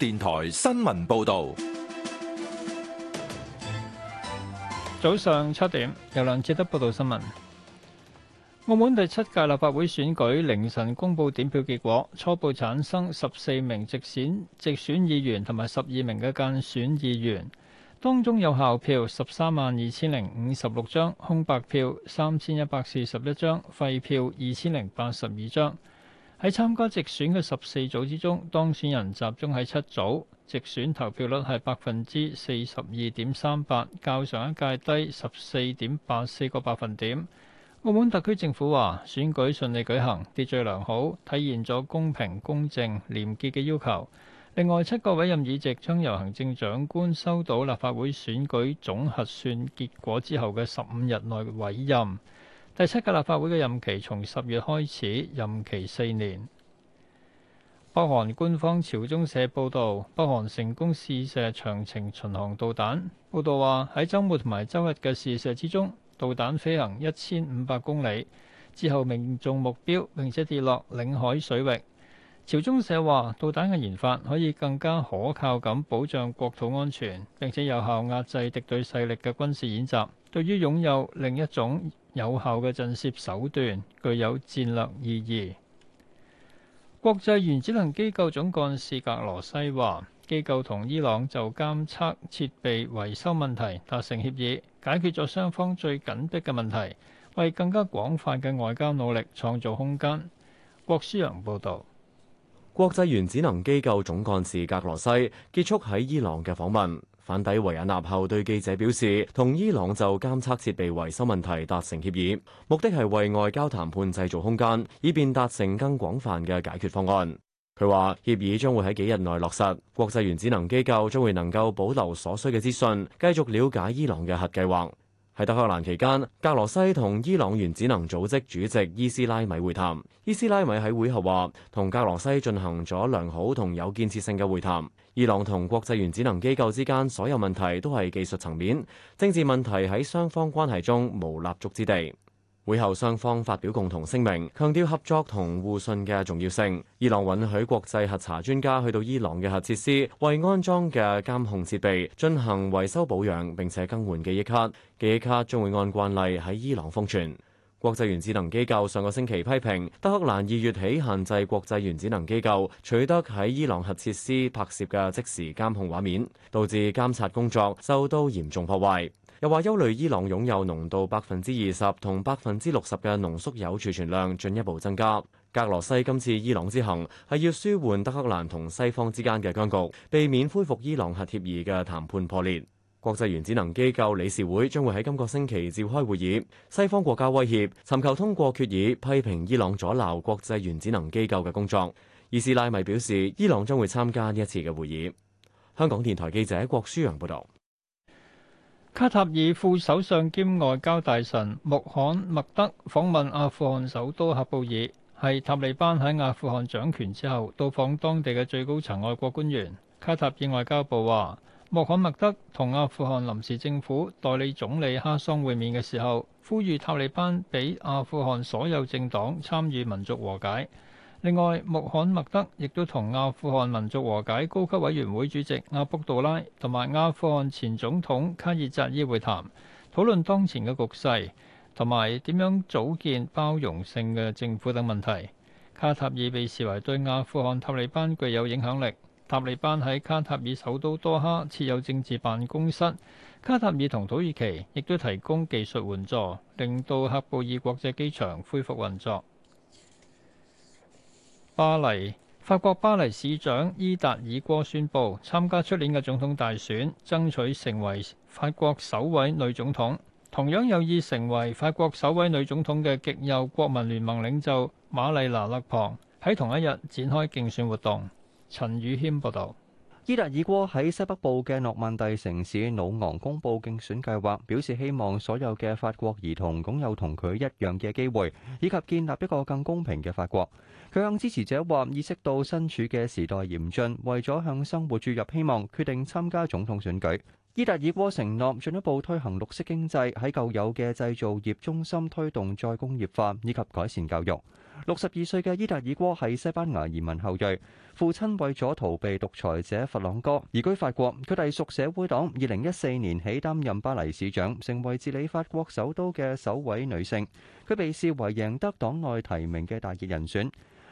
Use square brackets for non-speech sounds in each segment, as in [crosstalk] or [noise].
電台新聞報道，早上七點，有梁捷德報道新聞。澳門第七屆立法會選舉凌晨公布點票結果，初步產生十四名直選直選議員同埋十二名嘅間選議員，當中有效票十三萬二千零五十六張，空白票三千一百四十一張，廢票二千零八十二張。喺參加直選嘅十四組之中，當選人集中喺七組，直選投票率係百分之四十二點三八，較上一屆低十四點八四個百分點。澳門特區政府話，選舉順利舉行，秩序良好，體現咗公平公正、廉潔嘅要求。另外七個委任議席將由行政長官收到立法會選舉總核算結果之後嘅十五日內委任。第七屆立法會嘅任期從十月開始，任期四年。北韓官方朝中社報導，北韓成功試射長程巡航導彈。報導話，喺周末同埋周日嘅試射之中，導彈飛行一千五百公里，之後命中目標，並且跌落領海水域。朝中社話，導彈嘅研發可以更加可靠咁保障國土安全，並且有效壓制敵對勢力嘅軍事演習。對於擁有另一種有效嘅震懾手段具有戰略意義。國際原子能機構總幹事格羅西話，機構同伊朗就監測設備維修問題達成協議，解決咗雙方最緊迫嘅問題，為更加廣泛嘅外交努力創造空間。郭書陽報道，國際原子能機構總幹事格羅西結束喺伊朗嘅訪問。返抵維也納後，對記者表示，同伊朗就監測設備維修問題達成協議，目的係為外交談判製造空間，以便達成更廣泛嘅解決方案。佢話協議將會喺幾日內落實，國際原子能機構將會能夠保留所需嘅資訊，繼續了解伊朗嘅核計劃。喺德黑蘭期間，格羅西同伊朗原子能組織主席伊斯拉米會談。伊斯拉米喺會後話，同格羅西進行咗良好同有建設性嘅會談。伊朗同國際原子能機構之間所有問題都係技術層面，政治問題喺雙方關係中無立足之地。會後，雙方發表共同聲明，強調合作同互信嘅重要性。伊朗允許國際核查專家去到伊朗嘅核設施，為安裝嘅監控設備進行維修保養，並且更換記憶卡。記憶卡將會按慣例喺伊朗封存。國際原子能機構上個星期批評，德黑蘭二月起限制國際原子能機構取得喺伊朗核設施拍攝嘅即時監控畫面，導致監察工作受到嚴重破壞。又話憂慮伊朗擁有濃度百分之二十同百分之六十嘅濃縮鈾儲存量進一步增加。格羅西今次伊朗之行係要舒緩德黑蘭同西方之間嘅僵局，避免恢復伊朗核協議嘅談判破裂。國際原子能機構理事會將會喺今個星期召開會議。西方國家威脅尋求通過決議，批評伊朗阻撓國際原子能機構嘅工作。伊斯拉米表示，伊朗將會參加呢一次嘅會議。香港電台記者郭舒洋報道。卡塔爾副首相兼外交大臣穆罕默德訪問阿富汗首都喀布爾，係塔利班喺阿富汗掌權之後到訪當地嘅最高層外國官員。卡塔爾外交部話，穆罕默德同阿富汗臨時政府代理總理哈桑會面嘅時候，呼籲塔利班俾阿富汗所有政黨參與民族和解。另外，穆罕默德亦都同阿富汗民族和解高級委員會主席阿卜杜拉同埋阿富汗前總統卡爾扎伊會談，討論當前嘅局勢同埋點樣組建包容性嘅政府等問題。卡塔爾被視為對阿富汗塔利班具有影響力，塔利班喺卡塔爾首都多哈設有政治辦公室。卡塔爾同土耳其亦都提供技術援助，令到喀布爾國際機場恢復運作。巴黎，法國巴黎市長伊達爾戈宣布參加出年嘅總統大選，爭取成為法國首位女總統，同樣有意成為法國首位女總統嘅極右國民聯盟領袖瑪麗娜勒旁，喺同一日展開競選活動。陳宇軒報道。伊達爾戈喺西北部嘅諾曼第城市魯昂公布競選計劃，表示希望所有嘅法國兒童擁有同佢一樣嘅機會，以及建立一個更公平嘅法國。佢向支持者話：意識到身處嘅時代嚴峻，為咗向生活注入希望，決定參加總統選舉。伊達爾戈承諾進一步推行綠色經濟，喺舊有嘅製造業中心推動再工業化，以及改善教育。六十二歲嘅伊達爾戈係西班牙移民後裔，父親為咗逃避獨裁者弗朗哥移居法國。佢隸屬社會黨，二零一四年起擔任巴黎市長，成為治理法國首都嘅首位女性。佢被視為贏得黨內提名嘅大熱人選。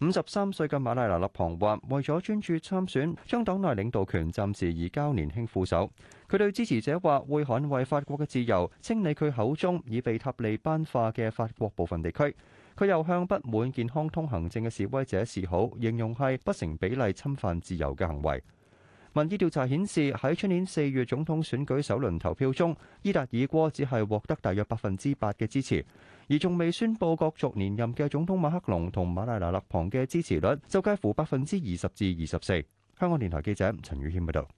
五十三歲嘅馬麗娜·立旁話：為咗專注參選，將黨內領導權暫時移交年輕副手。佢對支持者話：會捍衛法國嘅自由，清理佢口中已被塔利班化嘅法國部分地區。佢又向不滿健康通行證嘅示威者示好，形容係不成比例侵犯自由嘅行為。民意調查顯示，喺出年四月總統選舉首輪投票中，伊達爾戈只係獲得大約百分之八嘅支持，而仲未宣佈角逐連任嘅總統馬克龍同馬來拿勒龐嘅支持率就介乎百分之二十至二十四。香港電台記者陳宇謙報導。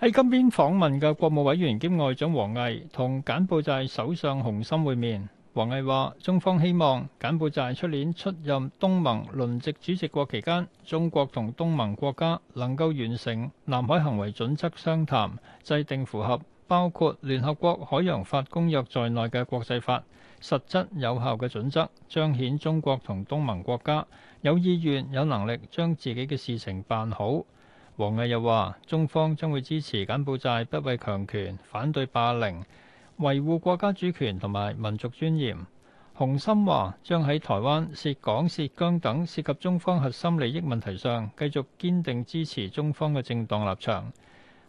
喺金邊訪問嘅國務委員兼外長王毅同柬埔寨首相洪森會面。王毅話：中方希望柬埔寨出年出任東盟輪值主席國期間，中國同東盟國家能夠完成南海行為準則商談，制定符合包括聯合國海洋法公約在內嘅國際法，實質有效嘅準則，彰顯中國同東盟國家有意願有能力將自己嘅事情辦好。王毅又話：中方將會支持柬埔寨不畏強權，反對霸凌。維護國家主權同埋民族尊嚴。洪森話將喺台灣涉港涉疆等涉及中方核心利益問題上，繼續堅定支持中方嘅正當立場。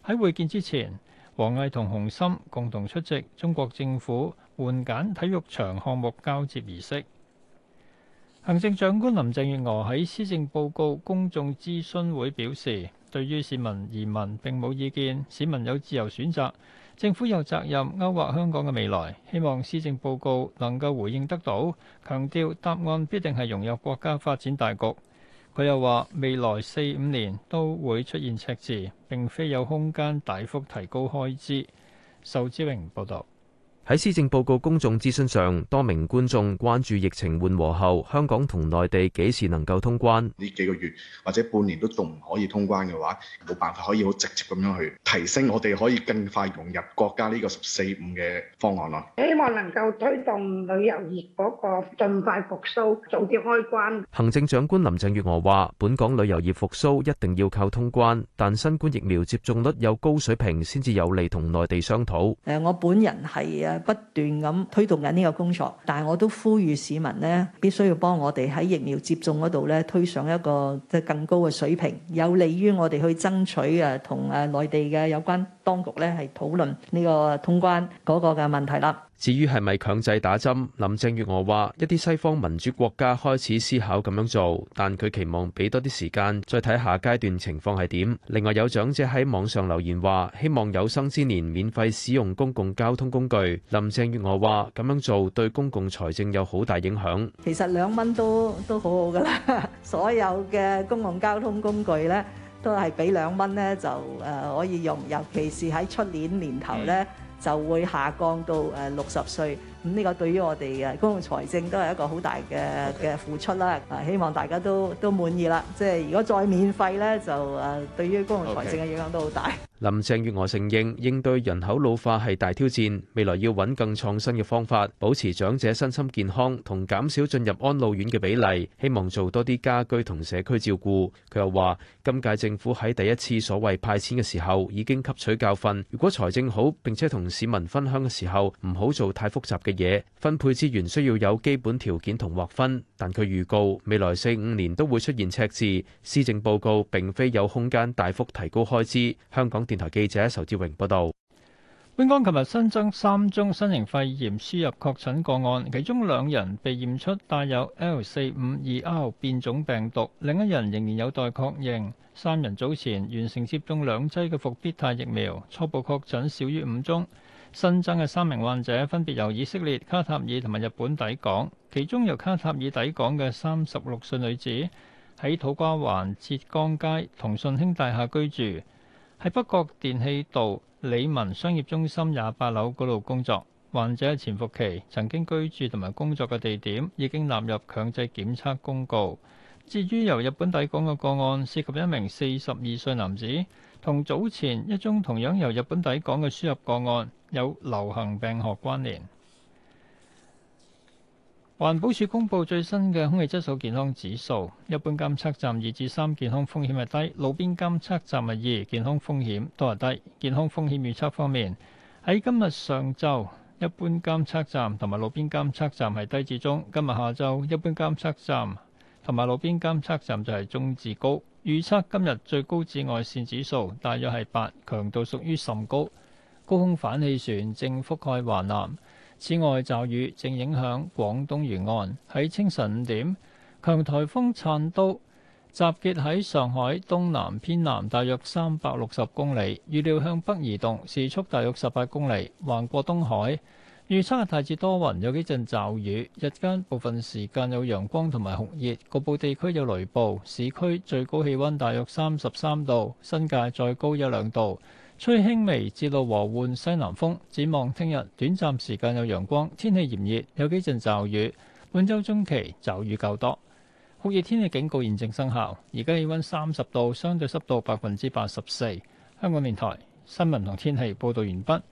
喺會見之前，王毅同洪森共同出席中國政府援建體育場項目交接儀式。行政長官林鄭月娥喺施政報告公眾諮詢會表示，對於市民移民並冇意見，市民有自由選擇。政府有責任勾畫香港嘅未來，希望施政報告能夠回應得到，強調答案必定係融入國家發展大局。佢又話：未來四五年都會出現赤字，並非有空間大幅提高開支。仇志榮報道。喺施政報告公眾諮詢上，多名觀眾關注疫情緩和後，香港同內地幾時能夠通關？呢幾個月或者半年都仲唔可以通關嘅話，冇辦法可以好直接咁樣去提升我哋可以更快融入國家呢個十四五嘅方案咯。希望能夠推動旅遊業嗰個盡快復甦，早啲開關。行政長官林鄭月娥話：本港旅遊業復甦一定要靠通關，但新冠疫苗接種率有高水平先至有利同內地商討。誒，我本人係啊。不斷咁推動緊呢個工作，但係我都呼籲市民咧必須要幫我哋喺疫苗接種嗰度咧推上一個即更高嘅水平，有利於我哋去爭取誒同誒內地嘅有關當局咧係討論呢個通關嗰個嘅問題啦。至於係咪強制打針？林鄭月娥話：一啲西方民主國家開始思考咁樣做，但佢期望俾多啲時間再睇下階段情況係點。另外有長者喺網上留言話：希望有生之年免費使用公共交通工具。林鄭月娥話：咁樣做對公共財政有好大影響。其實兩蚊都都好好㗎喇， [laughs] 所有嘅公共交通工具咧都係俾兩蚊咧就誒可以用，尤其是喺出年年頭咧。就會下降到誒六十歲，咁、這、呢個對於我哋誒公共財政都係一個好大嘅嘅付出啦。Okay. 希望大家都都滿意啦。即係如果再免費咧，就誒對於公共財政嘅影響都好大。Okay. 林鄭月娥承認應對人口老化係大挑戰，未來要揾更創新嘅方法，保持長者身心健康同減少進入安老院嘅比例。希望做多啲家居同社區照顧，佢又話今屆政府喺第一次所謂派錢嘅時候已經吸取教訓，如果財政好並且同市民分享嘅時候，唔好做太複雜嘅嘢，分配資源需要有基本條件同劃分。但佢預告未來四五年都會出現赤字，施政報告並非有空間大幅提高開支，香港。電台記者仇志榮報道，本港琴日新增三宗新型肺炎輸入確診個案，其中兩人被驗出帶有 L 四五二 R 變種病毒，另一人仍然有待確認。三人早前完成接種兩劑嘅復必泰疫苗，初步確診少於五宗。新增嘅三名患者分別由以色列、卡塔爾同埋日本抵港，其中由卡塔爾抵港嘅三十六歲女子喺土瓜灣浙江街同信興大廈居住。喺北角電氣道李文商業中心廿八樓嗰度工作，患者喺潛伏期，曾經居住同埋工作嘅地點已經納入強制檢測公告。至於由日本抵港嘅個案，涉及一名四十二歲男子，同早前一宗同樣由日本抵港嘅輸入個案有流行病學關聯。環保署公布最新嘅空氣質素健康指數，一般監測站二至三健康風險係低，路邊監測站係二健康風險，都係低。健康風險預測方面，喺今日上晝，一般監測站同埋路邊監測站係低至中；今日下晝，一般監測站同埋路邊監測站就係中至高。預測今日最高紫外線指數大約係八，強度屬於甚高。高空反氣旋正覆蓋華南。此外，驟雨正影響廣東沿岸。喺清晨五點，強台風燦都集結喺上海東南偏南，大約三百六十公里，預料向北移動，時速大約十八公里，橫過東海。預測係大致多雲，有幾陣驟雨。日間部分時間有陽光同埋酷熱，局部地區有雷暴。市區最高氣溫大約三十三度，新界再高一兩度。吹輕微至弱和緩西南風，展望聽日短暫時間有陽光，天氣炎熱，有幾陣驟雨，本周中期驟雨較多。酷熱天氣警告現正生效，而家氣溫三十度，相對濕度百分之八十四。香港電台新聞同天氣報道完畢。